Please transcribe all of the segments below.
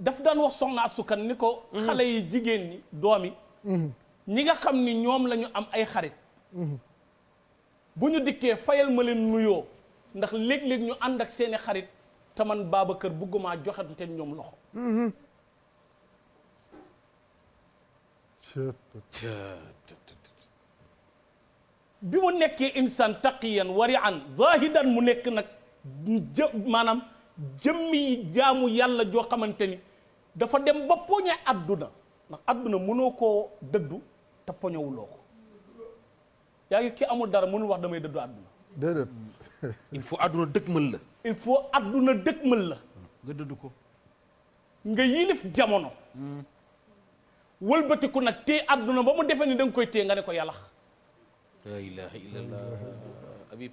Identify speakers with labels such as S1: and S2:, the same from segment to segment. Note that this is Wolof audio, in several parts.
S1: daf daan wax soxna asukan ni ko mhm. xale yi jigéen ñi doomi mhm. ñi nga xam ni ñoom lañu am ay xarit mhm. bu ñu dikkee fayal ma leen nuyoo ndax léeg-léeg ñu ànd ak seeni xarit te man kër Babacar bëggumaa joxante ñoom loxo bi mu nekkee insan taqiyan warian zahidan mu nekk nag jë maanaam jëmmi jaamu yàlla joo xamante ni dafa dem ba poñe adduna ndax adduna mënoo koo dëddu te poñewuloo ko yaa ngi ki amul dara mënul wax damay dëddu adduna. déedéet. il faut adduna dëkkmal la. il faut adduna dëkkmal la. nga dëddu ko. nga yilif jamono. wëlbatiku nag téye adduna ba mu defee ni da nga koy téye nga ne ko yàlla. la ilaha illallah Habib.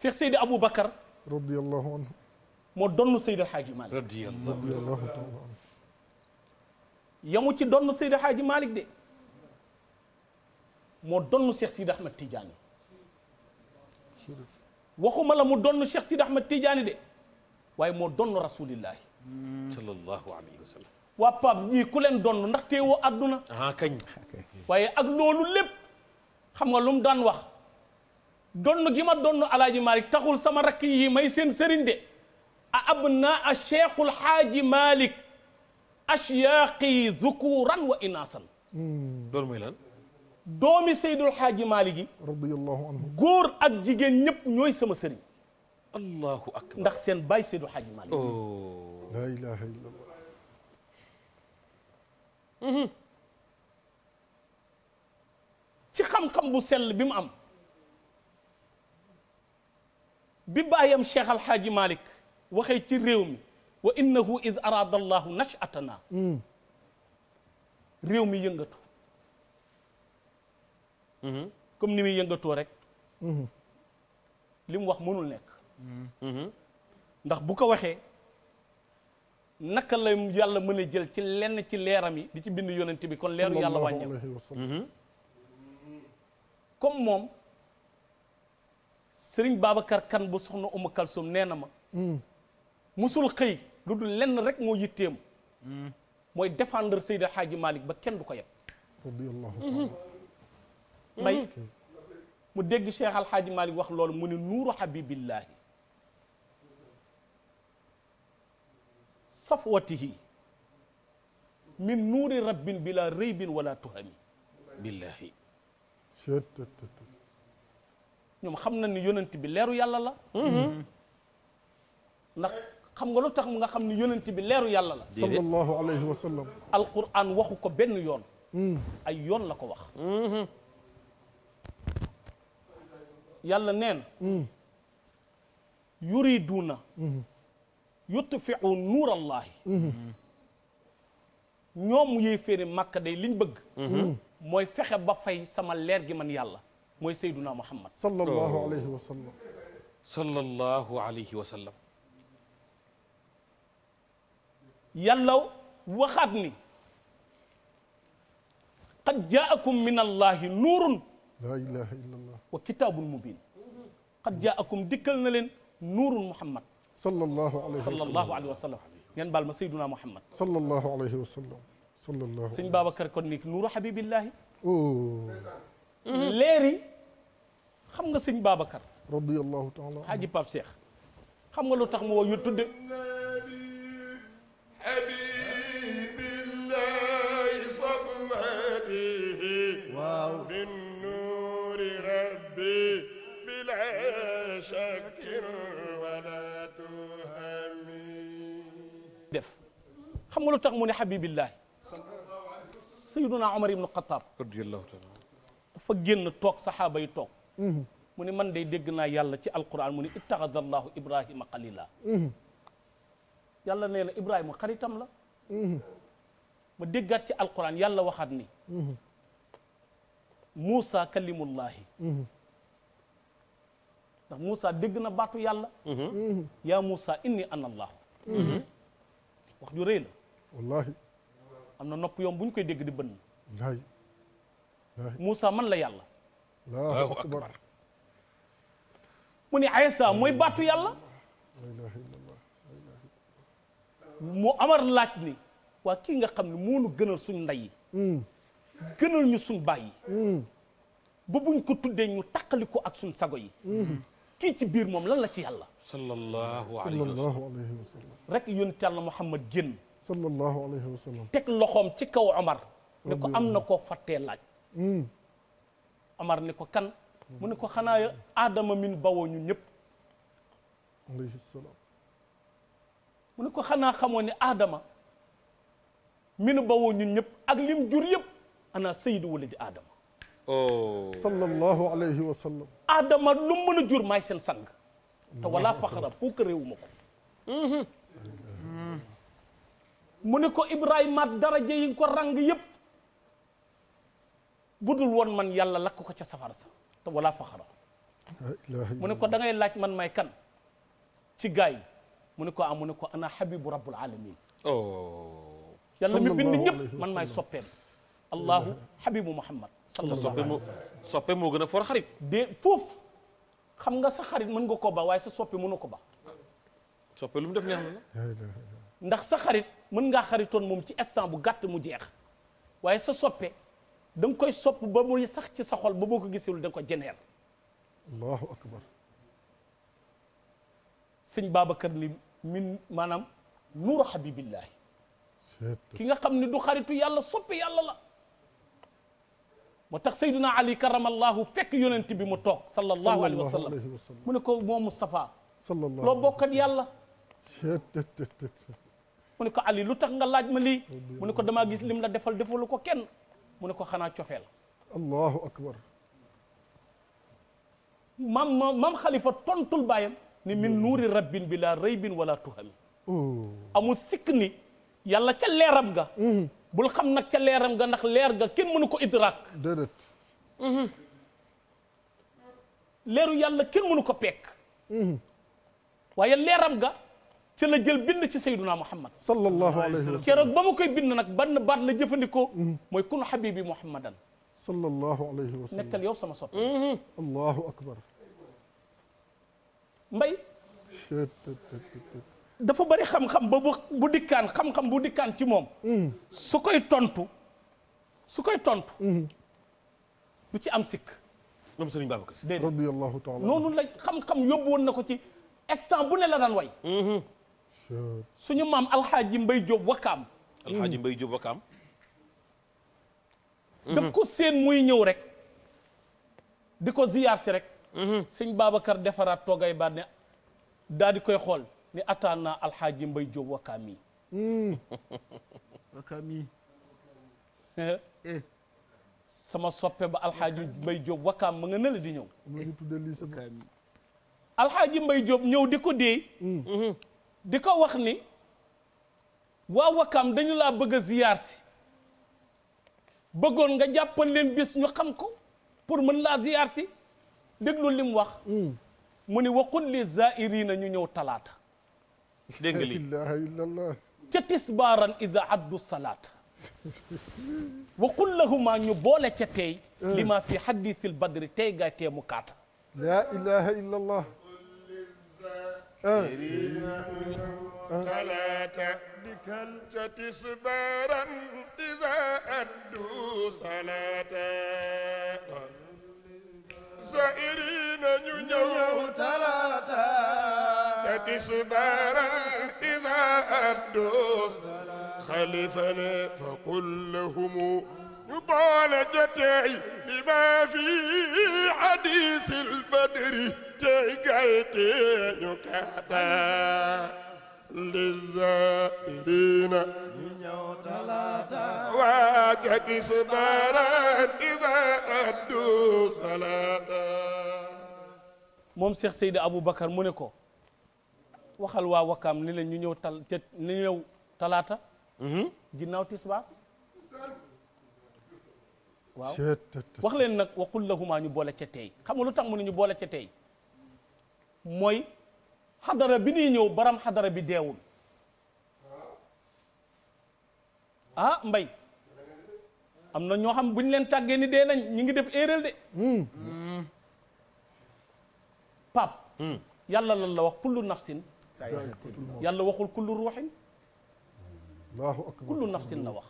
S1: Cheikh Seydi Aboubacar. radiyallahu anhu moo donn Seydi Alxaaji Malik radiyallahu taala yamu ci donn Seydi Alxaaji Malik de moo donn Cheikh Sidi Ahmed Tidiane waxuma la mu donn Cheikh Sidi Ahmed Tidiane de waaye moo donn rasulillahi sallallahu alayhi ku leen donn ndax teewoo adduna ah kañ waaye ak loolu lépp xam nga lu daan wax donn gi ma donn alaaji malik taxul sama rakk yi may seen sëriñ de a ab naa a cheikhul xaaji malik ashyaaqi zukuran wa inaasan loolu mooy lan doomi seydul xaaji malik yi ak jigéen ñëpp ñooy sama sëriñ allahu ndax seen bay seydul xaaji malik
S2: oh.
S1: mhm. ci xam-xam bu sell bi mu am bi baayam cheikh alhaaji malik waxee ci réew mi wa innahu iz arada allahu nachatana mm. réew mi yëngatu mm-hmm. comme ni muy yëngatoo rek mm-hmm. li mu wax mënul nekk mm-hmm. ndax bu ko waxee naka la yàlla mën a jël ci lenn ci leeram yi di ci bind yonent bi kon leeru yàlla
S2: wàññeeku
S1: comme moom sëriñ Babacar kan bu soxna Umu Kalsum nee na ma hmm. musul xëy lu dul lenn rek moo yitteem hmm. mooy défendre Seydi Hadji Malick ba kenn du ko yeb radiyallahu taala hmm. may mu dégg Cheikh Al Hadji wax lool mu ne nuuru habibillahi safwatihi min nuuri rabbin bila raybin wala tuhami billahi ñoom xam na ni yonent bi leeru yàlla la ndax xam nga lu tax mu nga xam ni yonanti bi leeru yàlla la sallallahu
S2: alayhi wa sallam
S1: waxu ko benn yoon hmm. ay yoon la ko wax hmm. yàlla neen hmm. yuriduuna yutfiu nuur allahi ñoom yéeféeri màkka day liñ bëgg mooy fexe ba fay sama leer gi man yàlla mooy Seyduna Muhammad sallallahu oh. alayhi wa sallam sallallahu alayhi wa sallam yàlla waxaat ni qad jaakum min allahi nuurun la ilaha illa allah wa kitaabun mubin qad jaakum dikkal na leen nuurun muhammad sallallahu alayhi sallallahu alayhi wa sallam ngeen baal ma sayduna muhammad sallallahu alayhi wa sallam sallallahu sëñ Babacar kon ni nuuru habibillahi Mm-hmm. leeri xam nga sëñ Babacar. radiyallahu taala Haji Pape Cheikh. xam nga lu tax mu woo yu tudde
S2: waaw min nuuri rabbi bilaa shakkin wala tuhami
S1: def xam nga lu tax mu ne Habibillahi Sayyiduna Umar ibnu Xattaab radiyallahu taala dafa génn toog saxaaba yi toog mhm. mu ne man day dégg naa yàlla ci alquran mu ne ittaxadallahu ibrahima xalila mhm. yàlla nee na ibrahima xaritam la mhm. ma déggaat ci alquran yàlla waxaat ni Moussa kalimullahi ndax Moussa dégg na baatu yàlla yaa Moussa inni ana allahu wax ju la am na nopp yoom bu ñu koy dégg di bënn Moussa man la yàlla. Allahu akbar mu ne Aysa mooy baatu yàlla. mu amar laaj ni waa kii nga xam ne moonu gënal suñ ndey yi. Hmm. gënal ñu suñ baay yi. Hmm. ba buñ ko tuddee ñu taqali ko ak suñ sago yi. Hmm. kii ci biir moom lan la ci yàlla. sallallahu alayhi wa sallam rek yonent yàlla Muhammad génn. sallallahu teg loxoom ci kaw Omar. ne ko am na koo fàttee laaj. Hmm. Omar ni ko kan mu ne ko xanaa aadama min bawoo ñun ñëpp alayhi mu ne ko xanaa xamoo ni aadama min bawoo ñun ñëpp ak lim jur yëpp ana sayyidu waladi aadama
S2: oh
S1: sallallahu alayhi wa sallam aadama lu mën a jur maay seen sang te hmm. wala faxara pour que ko mm-hmm. mu ne ko Ibrahima daraja yi nga rang yëpp budul woon man yàlla lakk ko ca safara sa te wala faxara ne ko da ngay laaj man may kan ci gaay yi mu ne ko am ah, mu ne ko ana habibu rabbul alamin oh yàlla mi bind ñëpp man maay soppeem allahu habibu muhammad soppe moo soppe moo gën a for xarit de foofu xam nga sa xarit mën nga ko ba waaye sa soppee mun mënu ko ba soppe lu mu def neex na ndax sa xarit mën nga xaritoon moom ci instant bu gàtt mu jeex waaye sa soppee da koy sopp ba muy sax ci sa ba boo ko gisul da nga ko jeneer allahu akbar sëñ Babacar li min maanaam nuuru xabibillaahi ki nga xam ne du xaritu yàlla soppi yàlla la moo tax Seydina Ali karamallahu fekk yonent bi mu toog sallallahu alayhi wa sallam mu ne ko moom Moustapha loo bokkat yàlla mu ne ko Ali lu tax nga laaj ma lii oh, mu ne ko damaa gis lim la defal defalu ko kenn mu ne ko xanaa cofeel allahu akbar maam maam xalifa tontul baayam ni min nuuri rabbin bi laa raybin wala tuhami oh. amul sikk ni yàlla ca leeram nga mm-hmm. bul xam nag ca leeram ga ndax leer ga kenn mënu ko idraak déedéet mm-hmm. leeru yàlla kenn mënu ko pekk mm-hmm. waaye leeram ga ci la jël bind ci sayyiduna muhammad sallallahu alayhi wa sallam keroog ba ma koy bind nag ban baat la jëfandikoo mm-hmm. mooy kun habibi muhammadan sallallahu alayhi wa sallam nekkal yow sama sot mm-hmm. allahu akbar mbay dafa bari xam-xam ba bu dikkaan xam-xam bu dikkaan ci moom mm-hmm. su koy tontu su koy tontu bu ci am sikk moom sëriñ Babacar déedéet radiyallahu taala noonu la xam-xam yóbbu woon na ko ci instant bu ne la daan way suñu maam alxaaji mbay jóob wakkaam alxaaji mbay jóob wakkaam daf ko séen muy ñëw rek di ko ziyaar si rek mhm. sëñ baabakar defaraat toogay baat ne daal di koy xool ni attaan naa alxaaji mbay jóob wakkaam yi mm. eh. Eh. sama soppe ba alxaaji mbay jóob ma nga ne di ñëw alxaaji mbay jóob ñëw di ko dee mm. mhm. di ko wax ni waa Wakaam dañu laa bëgg a ziyaar si bëggoon nga jàppal leen bis ñu xam ko pour mën laa ziyaar si déglu lim wax hmm. mu ni waqul li zairina ñu ñëw talaata dégg nga lii la ilaha illallah ca tisbaaran ida addu salaata waqul lahuma ñu boole ca hmm. li ma fi xadisil badri tey gaay tee mu kaata
S2: la ilaha illallah
S1: صلاة تسبارا
S2: إذا أدوا صلاة زائرين نيو ثلاثة تسبارا إذا أدوا خلفنا فقل لهم مبالجتي لما في حديث البدر tey gay teeñu kaata lizairina waa gadis baran iza addu
S1: salata moom Cheikh Seydi Aboubacar mu ne ko waxal waa Wakaam ni leen ñu ñëw tal talaata mhm. ginnaaw tisbaar waaw wax leen nag waqul lahumaa ñu boole ca tey xam nga lu tax mu ne ñu boole ca tey mooy xadara bi ñuy ñëw baram xadara bi deewul ah, ah mbay am na ñoo xam bu ñu leen tàggee ni dee nañ ñi ngi def erreur de hmm. hmm. pap hmm. yàlla lan la wax kullu nafsin yàlla waxul kullu ruuxin allahu akbar kullu nafsin la wax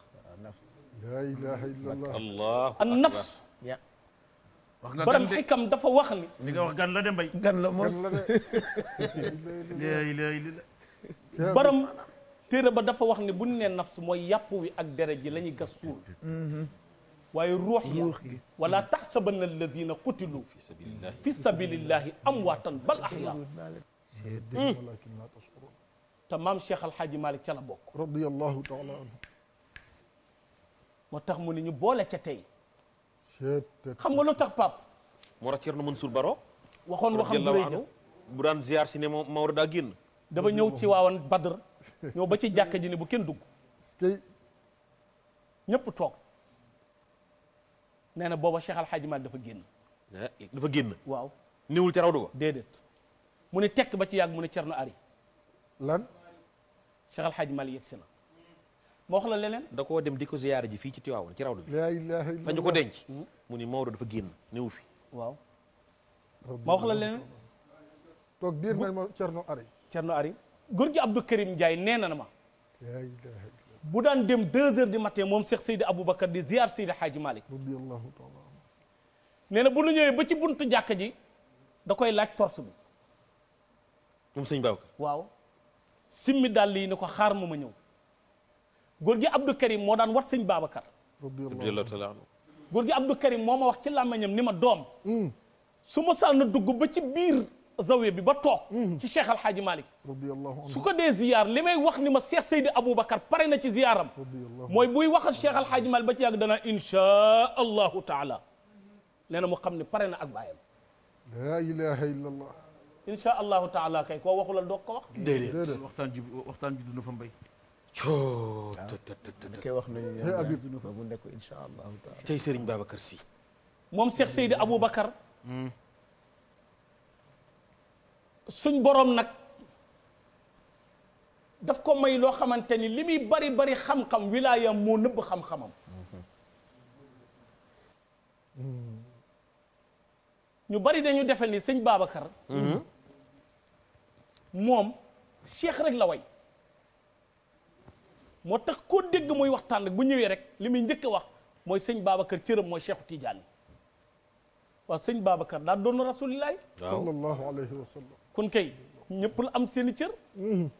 S1: la ilaha illallah an nafs wax nga borom xikam dafa wax ni. li nga wax gan la de mbay. gan la moos la borom téere ba dafa wax ni bu ñu nee nafsu mooy yàpp wi ak deret ji la ñuy gas suul. Mhm. waaye ruux yi wala taxsabanna alladina qutilu fi sabilillahi amwaatan bal ahyaa hmm. te maam Cheikh Al Hadj Malick ca la bokk. radiyallahu taala anhu moo tax mu ne ñu boole ca tey. xam nga lu tax Pape. moo tax Thierno Mansour Baro. waxoon waxam bu rëy ja bu daan ziar si ne Maodo daa génn. dafa ñëw ci waawan Badr ñëw ba ci jàkka ji ne bu kenn dugg. ñëpp toog nee na booba Cheikh Al Hadj dafa génn. Eh, dafa génn. waaw néewul ca rawdu ba. déedéet mu ne tekk ba ci yàgg mu ne Thierno Ari. lan. Cheikh Al Hadj Mal yegsi na. ma wax la leneen da koo dem di ko ziyaare ji fii ci Tiwaawan ci raw bi laa ilaaha illallaah fañu ko denc mu ni Maodo dafa génn néew fii waaw ma wax la leneen toog biir mel ma Cerno Ari Cerno Ari góor gi Abdou Karim Ndiaye nee na na ma laa bu daan dem deux heures du matin moom Cheikh Seydi Aboubacar di ziyaar Seydi Hadji Malick radiyallaahu taala nee na bu nu ñëwee ba ci buntu jàkka ji da koy laaj torse bi moom sëñ Babacar waaw simmi dàll yi ni ko xaar ma ma ñëw góor gi Abdou Karim moo daan wat sëñ Babacar. radiyallahu taala anhu góor gi Abdou Karim moo ma wax ci làmmiñam ni ma doom. Hmm. su ma sànn dugg ba ci biir zawiya bi ba toog. Hmm. ci Cheikh Al Hadj Malick. su ko dee ziyaar li may wax ni ma Cheikh Seydi Aboubacar pare na ci ziyaaram. mooy buy wax Cheikh Al Hadj Malick ba ci yàgg dana insha allahu taala. nee na mu xam ne pare na ak baayam. la ilaha illallah. incha allahu taala kay koo waxulal doog ko wax. déedéet waxtaan ji waxtaan ji dund fa mbay. coo ah, da koy wax nañu ñaan Habib nu fa mu nekk insha allahu taala tey Serigne Babacar Sy moom Cheikh mm. Seydi Aboubacar hmm. suñ borom nag daf ko may loo xamante ni li muy bari bari xam-xam wilaayam moo nëbb xam-xamam mm-hmm. ñu bari dañu defe ni sëñ Babacar mm-hmm. moom Cheikh rek la way moo tax ko dégg mooy waxtaan rek bu ñëwee rek li muy njëkk a wax mooy sëñ Babacar cëram mooy Cheikhu Tidiane waaw sëñ Babacar daa doon rasulilaay
S2: sallallahu alayhi wa
S1: kon kay ñëpp la am seen i cër mm-hmm.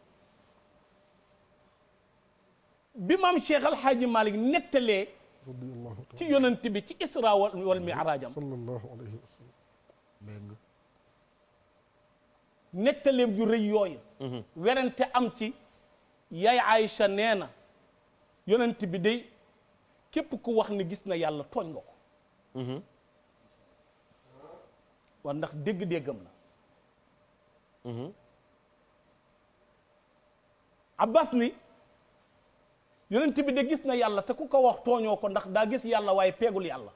S1: bi maam Cheikh Al Hadji nettalee ci yonent bi ci isra wal mm-hmm. miraajam sallallahu alayhi ju rëy yooyu mm-hmm. werante am ci yaay Aïcha nee na yonent bi day képp ku wax ne gis na yàlla tooñ nga ko mm-hmm. waa ndax dégg-déggam la mm-hmm. Abbas ni yonent bi de gis na yàlla te ku ko wax tooñoo ko ndax daa gis yàlla waaye peegul yàlla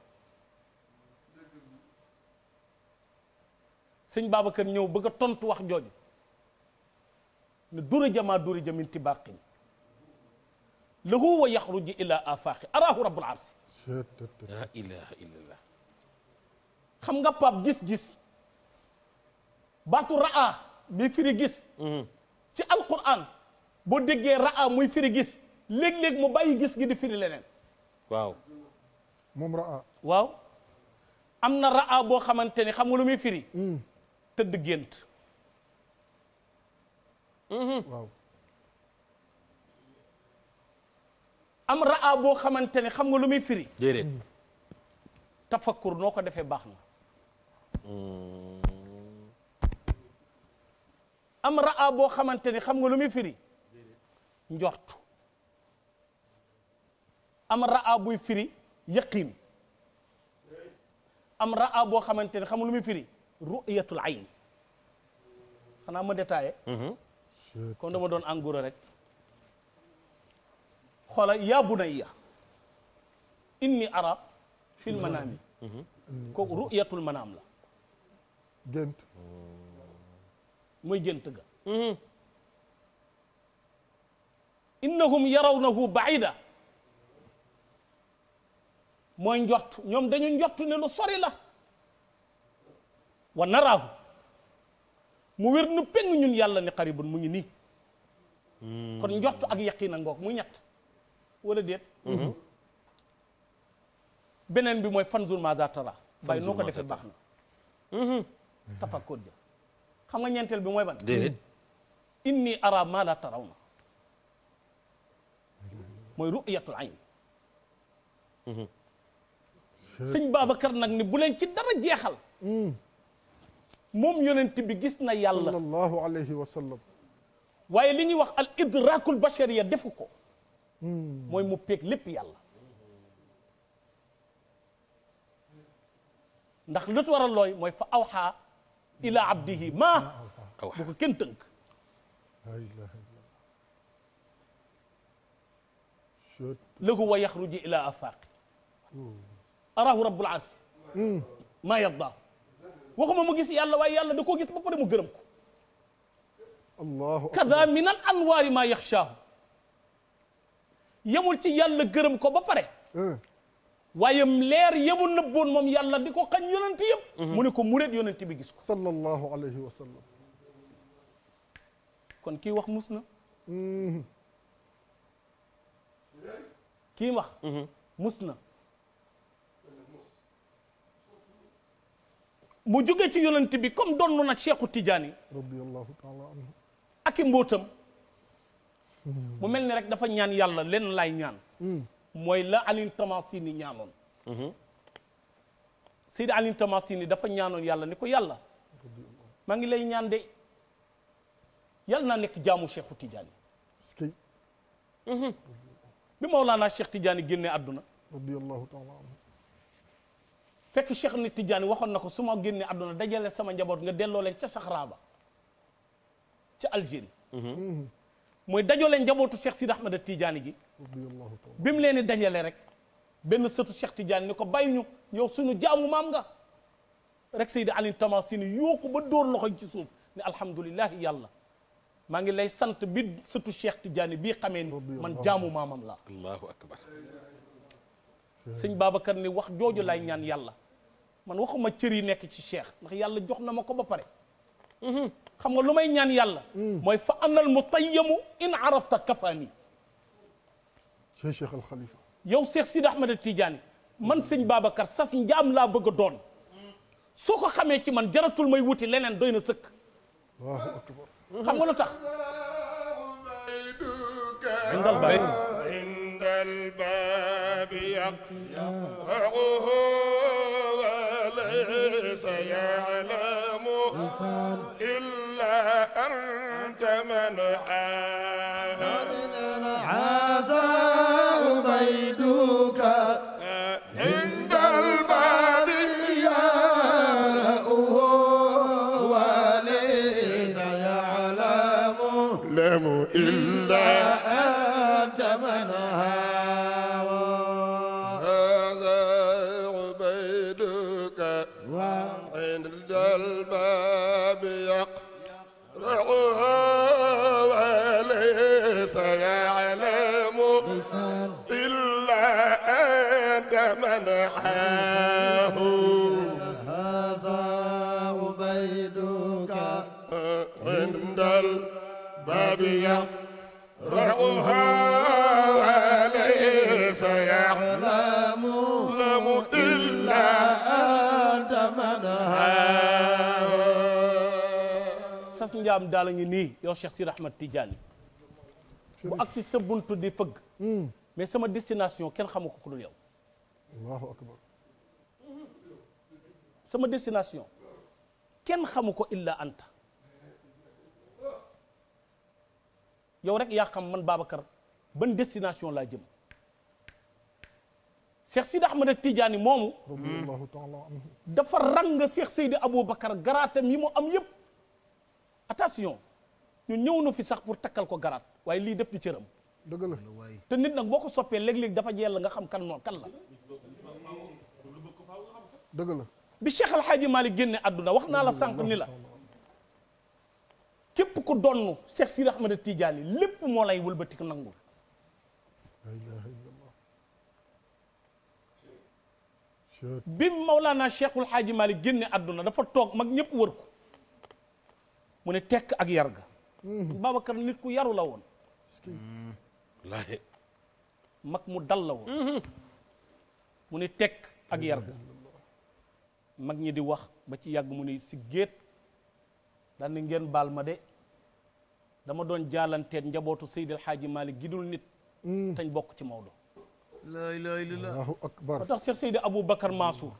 S1: sëñ kër ñëw bëgg a tontu wax jooju ne dura jamaa dura jamin tibaqin lahu wa yaxruju ila afaqi arahu rabbul arsi la ilaha illallah xam nga gis-gis baatu raa bi firi gis mhm. ci alquran boo déggee raa muy firi gis léeg-léeg mu bàyyi gis gi di firi leneen waaw moom raa waaw am na raa boo xamante ni xam nga lu muy firi mm. tëdd gént Mm-hmm. waaw. am raa boo xamante ne xam nga lu muy firi. déedéet. tafakkur noo ko defee baax na. Mm. am raa boo xamante ne xam nga lu muy firi. njort. am raa firi yaqiin. am raa boo xamante ne xam nga lu muy firi. ru'yatul ayn xanaa ma détaillé. Mm-hmm. comme dama doon engrais rek xoola ya bunayya inni fi fil manaami kooku ru'yatul manaam la gént mooy gént ga mm-hmm. innahum yarawnahu baida mooy njort ñoom dañu njort ne lu la wa naraahu mu wér nu peng ñun yàlla ne xaribun mu ngi nii kon njort ak yaqin a ngoog muy ñett walla déet mhm. beneen bi mooy fan fanzur maza tara waaye noo ko defee baax na mhm. tafakkur ja xam nga ñeenteel bi mooy ba déedéet inni ara ma la tarawna mooy ru'yatul ayn
S2: mhm. sëñ
S1: Babacar nag ni bu leen ci dara jeexal mm. moom yonent bi gis na yàlla sallallahu alayhi wa sallam waaye li ñuy wax al idrakul bashariya defu ko mooy mu peeg lépp yàlla ndax lu waral looy mooy fa awxaa ila abdihi maa bu ko kenn tënk lahu wa yaxruji ila afaaqi hmm. arahu rabbul arsi hmm. maa yardaahu waxuma mu gis yàlla waaye yàlla da ko gis ba pare mu gërëm ko allahu kada min al anwaari maa yaxshaahu yemul ci yàlla gërëm ko ba pare waaye leer yemul nëbboon moom yàlla di ko xañ yonent yëpp mu ne ko mureet yonent bi gis ko sallallahu alayhi wa sallam kon kii wax mus na kii wax mus na mu jógee ci yonent bi comme donn na Cheikhu Tidiane
S2: radiyallahu taala anhu
S1: ak i mbóotam hmm. mu mel ni rek dafa ñaan yàlla leen laay ñaan hmm. mooy la Alioune Tamasini ñaanoon hmm. Seydi Alioune Tamasini dafa ñaanoon yàlla ni ko yàlla maa ngi lay ñaan de yàlla naa nekk jaamu Cheikhu Tidiane bi Mawlaana Cheikh Tidiane génne àdduna radiyallahu taala fekk Cheikh Ahmed Tidiane waxoon na ko su ma génnee àdduna dajale sama njaboot nga delloo leen ca Saxara ba ca Algérie. Mm-hmm. mooy dajale njabootu Cheikh Sidi Ahmed Tidiane gi. bi mu leen di dajale rek benn sëtu Cheikh Tidiane ni ko bàyyi ñu yow suñu jaamu maam nga. rek Seydi Alin Tamasini yooku ba dóor loxoñ ci suuf ne alhamdulilahi yàlla maa ngi lay sant bi sëtu Cheikh Tidiane bi xamee ni man jaamu maamam la allahu akbar sëñ ni wax jooju lay ñaan yàlla. man waxuma cër yi nekk ci cheikh ndax yàlla jox na ma ko ba pare xam nga lu may ñaan yàlla mooy fa anal mu tayyamu in arafta kafaani
S2: cheikh cheikh al xalifa
S1: yow cheikh sid ahmad tidiane man sëñ babacar sas njaam laa bëgg a doon soo ko xamee ci man jaratul may wuti leneen doy na sëkk xam nga lu tax
S2: يعلم إلا أنت من عاد عسى عبيد
S1: daam daal a ngi nii yow Cheikh Sidi Ahmad Tidiane bu agsi sa buntu di fëgg hmm. mais sama destination kenn xamu ko ku dul yow sama destination kenn xamu ko illa anta yow rek yaa xam man Babacar ban destination laa jëm Cheikh Sidi Ahmad Tidiane moomu dafa rang Cheikh Seydi Aboubacar garaatam yi am yépp attention ñu ñëw na fi sax pour takkal ko garaat waaye lii def di cëram. dëgg te nit nag boo ko soppee léeg-léeg dafa jeel nga xam kan noonu kan la. dëgg la bi Cheikh Al Hadji Malick génne àdduna wax naa la sànq ni la képp ku donn Cheikh Sidi Ahmed Tidiane lépp moo lay wëlbati ko nangul. bi Maulana Cheikhul Hadji Malick génne àdduna dafa toog mag ñépp wër ko. mu ne tekk ak yarga ga mhm. nit ku yaru la woon mm. mag mu dal la woon mhm. mu ne tekk ak yar mag ñi di wax ba ci yàgg mu ne si géet daan ngeen baal ma de dama doon jaalanteet njabootu Seydi El Hadji Malick gidul nit mm. tañ bokk ci Maodo la ilaha illallah allahu akbar tax Seydi Abou Bakar Mansour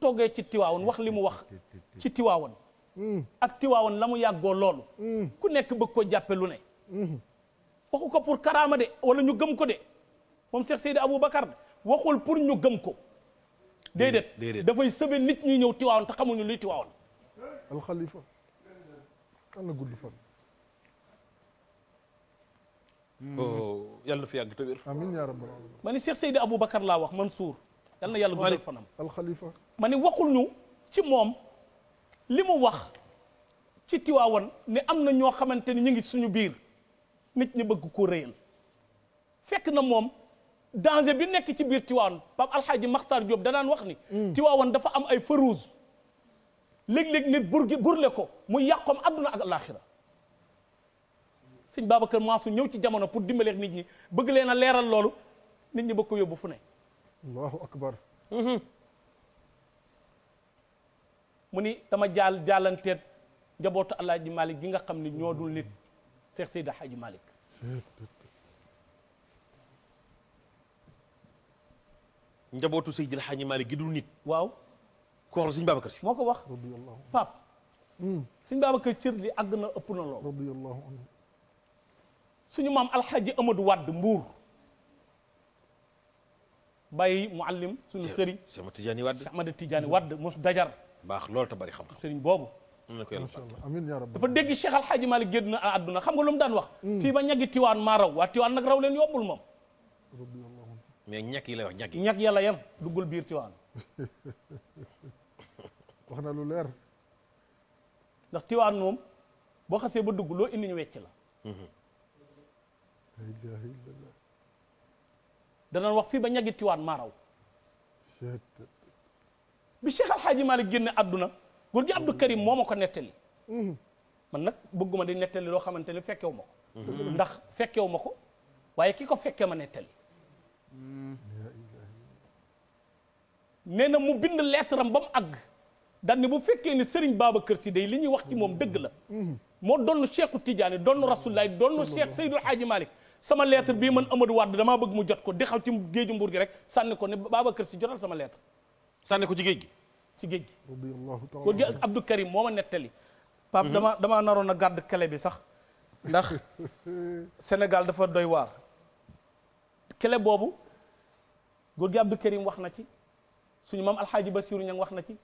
S1: toggee ci Tiwaawan wax li mu wax ci Tiwaawan ak tiwaawoon la mu yàggoo loolu ku nekk bëgg ko jàppe lu ne waxu ko pour karaama de wala ñu gëm ko de moom Cheikh Seydi Aboubacar waxul pour ñu gëm ko déedéet dafay sëbe nit ñuy ñëw tiwaawoon te xamuñu luy tiwaawoon alxalifa am na gudd fan hmm. oh, yàlla fi yàgg te wér amiin yaa rabbal aalamiin ma ni Cheikh Seydi Aboubacar laa wax Mansour yàlla na yàlla guddal fanam alxalifa ma ni waxul ñu ci moom li mu wax ci Tiwaawan ne am na ñoo xamante ni ñu ngi suñu biir nit ñi bëgg ko rëyal fekk na moom danger bi nekk ci biir Tiwaawan Pape Alxaaji Maxtaar Diop danaan wax ni mm. Tiwaawan dafa am ay feu rouge léeg-léeg nit burgi burle ko mu yàqoom àdduna ak alaaxira sëñ Babacar Mansour ñëw ci jamono pour dimbaleek nit ñi bëgg leen a leeral loolu nit ñi bëgg ko yóbbu fu ne allahu akbar mm-hmm. mu ni dama jaal jaalanteet njabootu Alaaji Malick gi nga xam ne ñoo dul nit Cheikh Seydi Hadji Malick njabootu Seydi Hadji Malick gi dul nit waaw ko wax la Sëñ Babacar Si moo ko wax pap hmm. Sëñ Babacar cër li àgg na ëpp na lool suñu maam alxaaji Amadou Wadd Mbuur bàyyi muallim suñu sëriñ Cheikh Ahmad Tidiane Wadd Cheikh Ahmad Tidiane Wadd mos dajar baax lool ta bari xam-xam sëriñ boobu amiin yaa rabbi dafa dégg Cheikh Al Hadji Malick génn a àdduna xam nga lu mu daan wax mm. fii ba ñaggi tiwaan maa raw waa tiwaan nag raw leen yombul moom mais ñag yi lay wax ñag yi ñag yàlla yem duggul biir tiwaan wax na lu leer ndax tiwaan moom boo xasee ba dugg loo indi ñu wecc la mm-hmm. danaan wax fii ba ñaggi tiwaan maa raw bi Cheikh Al Hadj Malick génne àdduna góor gi Abdou Karim moo ma ko nettali. man nag bëgguma di nettali loo xamante ni fekkewu ma ko. ndax fekkewu ma ko waaye ki ko fekkee ma nettali. nee na mu bind lettre am ba mu àgg daan ne bu fekkee ni Serigne Babacar Sy day li ñuy wax ci moom dëgg la. moo doon Cheikhu Tidiane doon Rasulullaay doon Cheikh Seydou Hadji Malick sama lettre bii man Amadou Wade damaa bëgg mu jot ko di xaw ci géeju mbuur gi rek sànni ko ne Babacar Sy jotal sama lettre. sànni ko ci géej gi ci géej
S2: gi góor gi
S1: Abdou Karim moo ma nettali mhm. Pape dama dama naroon a gàdd kele bi sax ndax Sénégal dafa doy waar kele boobu góor gi Abdou Karim wax na ci suñu maam Alxaaji Basiru Ñang wax na ci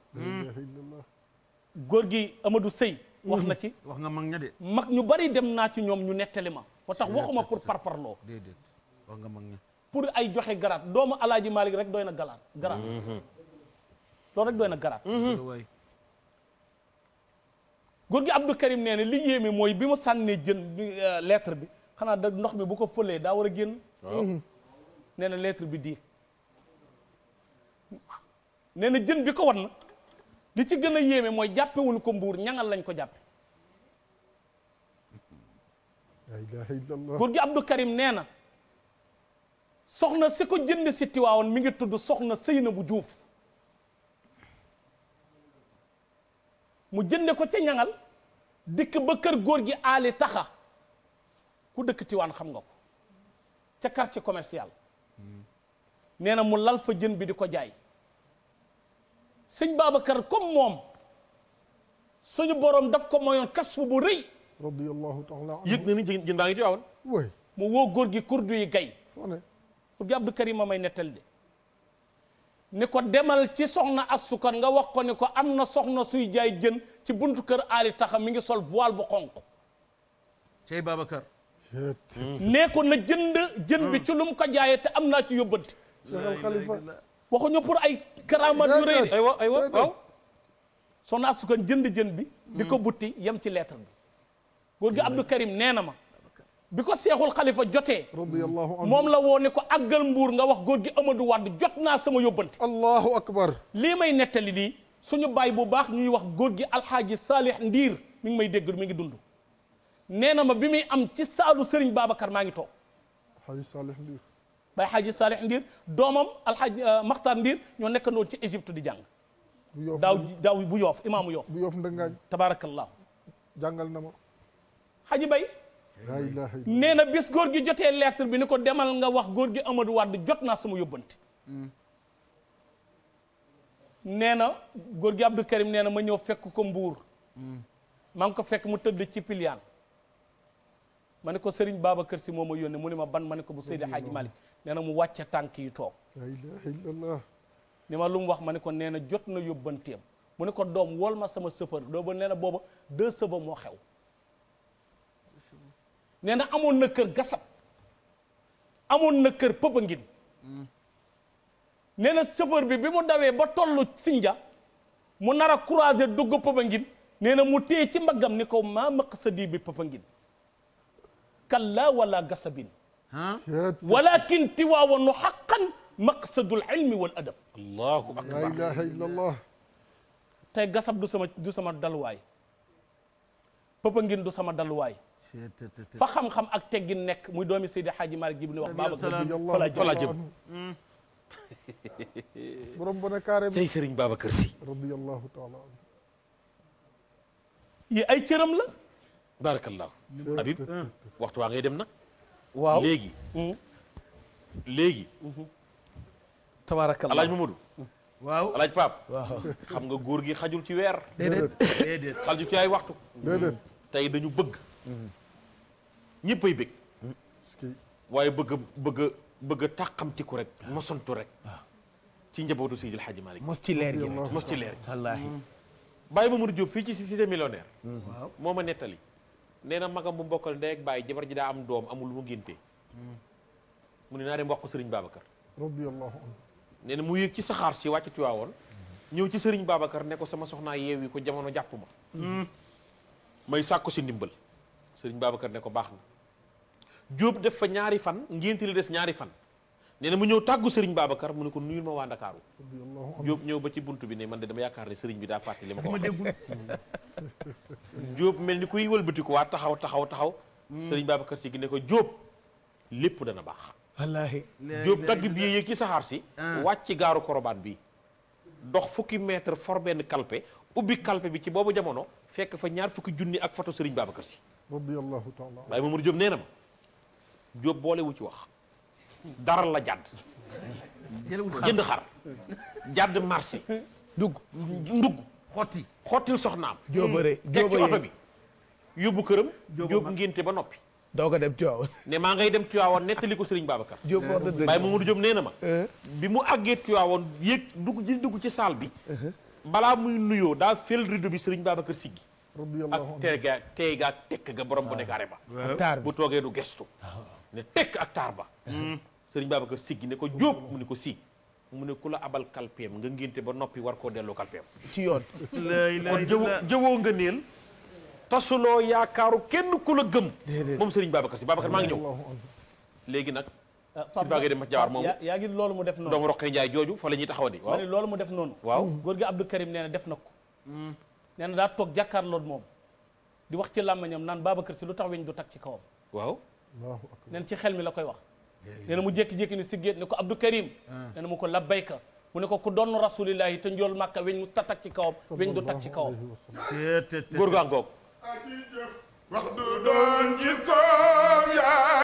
S1: góor gi amatu Sëy wax na ci wax nga mag ña de mag ñu bari dem naa ci ñoom ñu nettali ma moo tax waxuma pour par déedéet wax nga mag pour ay joxe garaat doomu Alaaji Maalik rek dooy na galaat garaat mhm. loolu rek doy na garaat mm-hmm. góor gi Abdou Karim nee na li yéeme mooy bi mu sànnee jën euh, lettre bi xanaa da ndox mi bu ko fëlee daa war a génn mm-hmm. nee na lettre bi di nee na jën bi ko wan li ci gën a yéeme mooy jàppewuñ ko mbuur ñangal lañ ko jàppe góor gi Abdou Karim nee na soxna si ko jënd si Tiwaawoon mi ngi tudd soxna sëy na bu Juuf mu jënde ko ca ñaŋal dikk ba kër góor gi aali taxa ku dëkk tiwaan xam nga ko ca quartier commercial nee na mu lal fa jën bi di ko jaay sëñ Babacar comme moom suñu borom daf ko mayoon kasfu bu rëy radiyallahu taala yëg na ni jën baa ngi tiwaawoon mu woo góor gi kurdu yi gay kurdu Abdou Karim a may nettal de ni ko demal ci soxna Astou Kan nga wax ko ni ko am na soxna suy jaay jën ci buntu kër Ali Taxa mi ngi sol voile bu xonq cey Babacar nee ko na jënd jën bi ci lu ko jaayee te am naa ci yóbbante waxuñu pour ay karaamat yu rëy de aywa aywa waaw soxna Astou jënd jën bi di ko hmm. butti yem ci lettre bi góor gi hmm. Abdou Karim nee na ma bi ko seexul xalifa jotee moom la woo ne ko àggal mbuur nga wax góor gi Amadou Wade jot naa sama yóbbante allahu akbar lii may nettali nii suñu baay bu baax ñuy wax góor gi alxaaji saalih ndiir mi ngi may dégg mi ngi dund nee na ma bi muy am ci saalu Serigne Babacar maa ngi toog alxaaji saalih ndiir baay xaaji saalih doomam alxaaji euh, maxtaar ndiir ñoo nekkandoon ci Égypte di jàng daaw daaw bu yoof imaamu yoof bu yoof ndëngaañ tabarakallahu jàngal na ma xaaji bay nee na bis góor gi jotee lettre bi ni ko demal nga wax góor gi Amadou Wade jot naa sama yóbbante nee na góor gi Abdou Karim nee na ma ñëw fekk ko mbuur maa ngi ko fekk mu tëdd ci piliyaan ma ne ko Serigne Babacar Sy moo ma yónnee mu ne ma ban ma ne ko bu Seydi Hadji Malick nee na mu wàcce tànk yi toog la ni ma lu wax ma ne ko nee na jot na yóbbanteem mu ne ko doom wool ma sama chauffeur doo ba nee na booba deux chevaux moo xew nee na amoon na kër gasab amoon na kër Popenguine nee na chauffeur bi bi mu dawee ba tollu Sinja mu nara a croiser dugg Popenguine nee na mu téye ci mbaggam ni ko maa maqsadi bi Popenguine kalla wala gasabin walakin tiwaawoonu xaqan maqsadul ilmi wal adab allahu la ilaha illa allah tey gasab du sama du sama dalwaay Popenguine du sama dalwaay fa xam-xam ak teggin nekk muy doomi Seydi Hadji Malick ji bi ne wax Babacar Si fa la jëm borom bu ne yi ay cëram la barakallahu Habib waxtu waa ngay dem nag waaw léegi hmm. léegi hmm. tabaarakallah alaaj Paap xam nga góor gi xajul ci weer déedéet déedéet xajul waxtu déedéet hmm. dañu bëgg ñëppay bëgg. waaye bëgg bëgg bëgg a rek mosantu rek. Ah. ci njabootu Seydi El Hadji Malick. mos ci leer gi mos ci leer gi. wallaahi. Mm. Baye Mamadou Diop fii ci Cité Millionnaire. Mm-hmm. ma nettali. nee na magam bu mbokkal ndey ak baay jabar ji daa am doom amul lu mu ngénte. Mm. mu ne naa dem wax ko Serigne Babacar.
S2: radiyallahu anhu.
S1: nee na mu yéeg ci saxaar si wàcc Tiwaawoon. Mm-hmm. ñëw ci sëriñ Babacar ne ko sama soxnaa yeewi ko jamono jàpp ma. Mm-hmm. may sàkku si ndimbal. Serigne Babacar ne ko baax na. Jóob def fa ñaari fan ngénte li des ñaari fan nee na mu ñëw tàggu sëriñ Babacar mu ne ko nuyul ma waa Ndakaaru Jóob ñëw ba ci bunt bi ne man de dama yaakaar ne sëriñ bi daa fàtte li ma ko wax Jóob mel ni kuy wëlbatiku waa taxaw taxaw taxaw hmm. Serigne Babacar si gi ne ko Jóob lépp dana baax
S2: wallaahi Jóob dagg
S1: bi yéeg ci saxaar si ah. wàcc ci gaaru korobaat bi dox fukki mètre for benn kalpe ubbi kalpe bi ci boobu jamono fekk fa ñaar fukki junni ak photo Serigne Babacar si
S2: radiyallahu taala
S1: waaye Mamadou Jóob nee na ma Jóob boolewu ci wax dara la jàdd jënd xar jàdd marché dugg ndugg xotti xottil soxnaam jóobare teg ci bi yóbbu këram jóob ngénte ba noppi doo ko dem Tiwaawan ne maa ngay dem Tiwaawan nettali ko Serigne Babacar Diop wax dëgg Baye Mamadou Diop na ma eh? bi mu àggee Tiwaawan yéeg dugg ji dugg ci saal bi eh? balaa muy nuyoo daa fel rido bi sëriñ Babacar siggi ak teega teega tekk ga borom bu ah. nekk are ba bu toogee du gestu ah. ne tekk ak taar ba sëriñ Babacar siggi ne ko jóob mu ne ko si mu ne ku la abal kalpeem nga ngénte ba noppi war koo dellu kalpeem ci yoon kon jëw jëwoo nga neel tasuloo yaakaaru kenn ku la gëm moom sëriñ Babacar si Babacar maa ngi ñëw léegi nag ah, si bagee dem jawaar moom yaa ngi loolu mu def noonu doomu roqee njaay jooju fa la ñuy taxawandi waaw ma loolu mu def noonu waaw góor gi Abdou Karim nee na def na ko hmm. nee na daa toog jàkkaarloo moom di wax ci ñoom naan Babacar si lu tax weñ du tag ci kawam waaw nen ci xel mi la koy wax nee na mu jékki-jékki ni siggeet ne ko Abdou Karim ah. nee na mu ko labbayka mu ne ko ku doon rasulillahi te jool màkka weñ mu tatak ci kawam weñ du tak ci kawam góor gaa ngoog
S2: wax du doon jikkoom yaa